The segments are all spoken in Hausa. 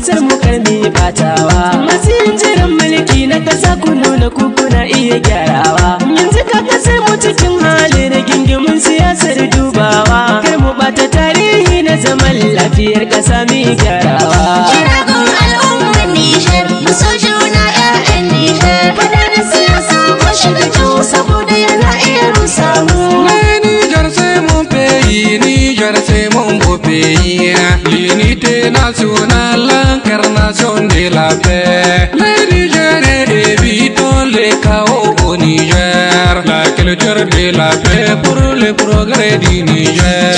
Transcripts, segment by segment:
kasar mu karmi fatawa masu jiran mulki na kasa ku nuna kuna iya gyarawa yanzu ka kasar mu cikin hali da gingimin siyasar dubawa kai mu bata tarihi na zaman lafiyar kasa mai gyarawa kiragun al'ummar nishar maso juna ko mu Niger sai mun bofe yi, Unity National nation e de la paix. Les Nigériens évitons les chaos au Niger. La culture de la paix pour le progrès du Niger.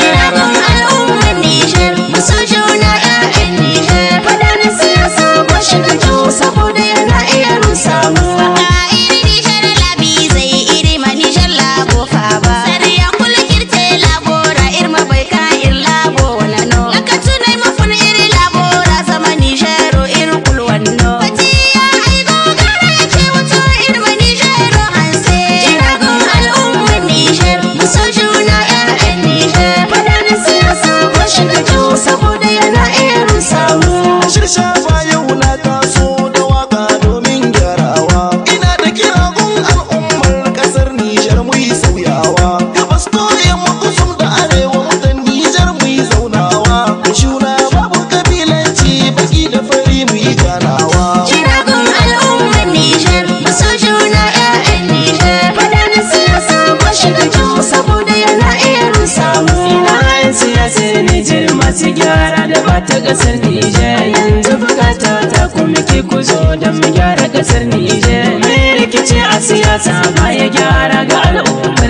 nunawa gabas kore mu da arewa mutan nijar mu yi zaunawa juna babu kabilanci baki da fari mu yi ganawa jiragun al'ummar nijar maso juna ƴaƴan nijar madanin siyasa ba shi da kyau saboda yana iya rusa mu ina yan siyasar nijar masu gyara da ba ta ƙasar nijar yanzu bukata ta kuma ke kuzo da mu gyara ƙasar nijar rikici a siyasa baya gyara ga al'umma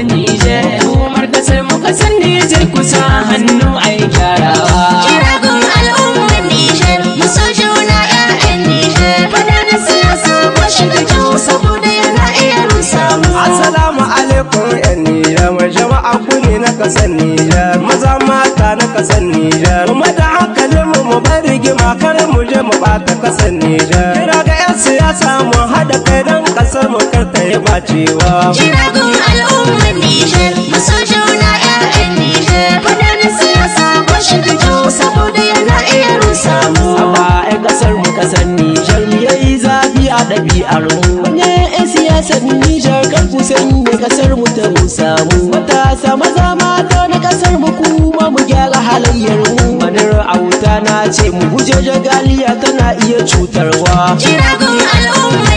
kasar Nijar maza mata na kasar Nijar mu da hankalin mu mu bar rigima kar mu je mu bata kasar Nijar kira ga yan siyasa mu hada kai dan kasar mu kar ta yi bacewa kira al'umma al'ummar Nijar mu so juna ƴaƴan Nijar fadanin siyasa ko shi fito saboda yana iya rusa mu amma ai kasar mu kasar Nijar yayi zafi a ɗabi'ar mu ne siyasar Nijar kan kusan ne kasar mu ta mu samu matasa maza kuma mu gyara halayyar mu manar auta na ce mu guje jagaliya tana iya cutarwa kuma al'umma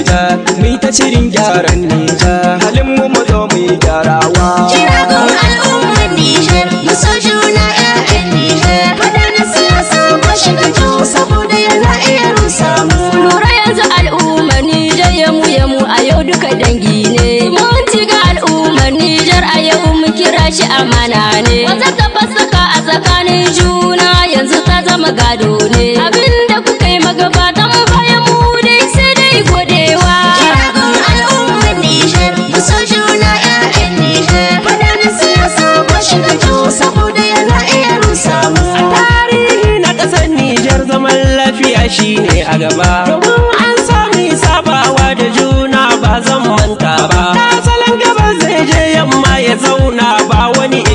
Abuja mu ta cirin gyaran Nija halin mu mu zo mu yi gyarawa kira ga al'ummar Nijar mu so juna ƴaƴan Nijar madanin siyasa ko ka to saboda yana iya rusa mu lura yanzu al'ummar Nijar ya mu ya mu a yau duka dangi ne mun ci ga al'ummar Nijar a yau mu kira shi amana ne wata tabbas a tsakanin juna yanzu ta zama gado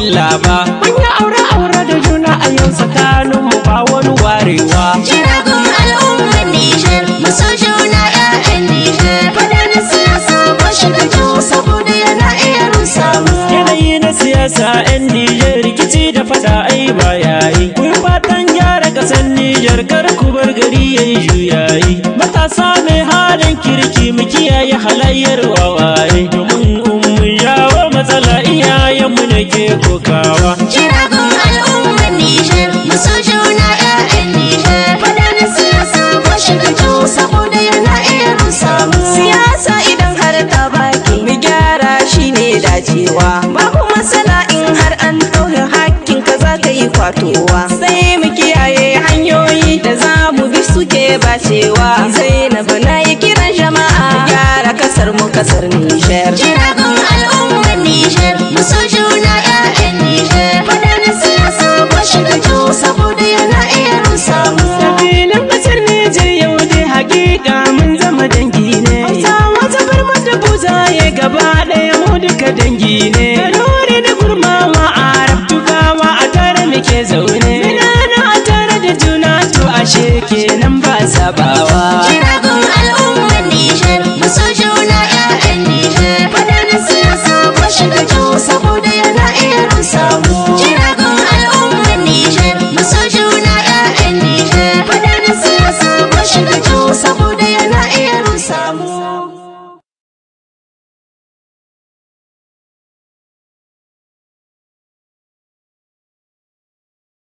illa ba aure aure da juna a yau tsakanin mu ba warewa kira gun al'ummar Nijar mu so juna ƴaƴan Nijar na siyasa ba shi da kyau saboda yana iya rusa yanayi na siyasa ƴan Nijar rikici da fada ai yayi kun fatan gyara ƙasar Nijar kar ku bar gari yayi juyayi matasa mai halin kirki mu kiyaye halayyar wawa fatowa sai mu kiyaye hanyoyi da za mu bi suke bacewa sai na yi kiran jama'a gyara kasar mu kasar nijar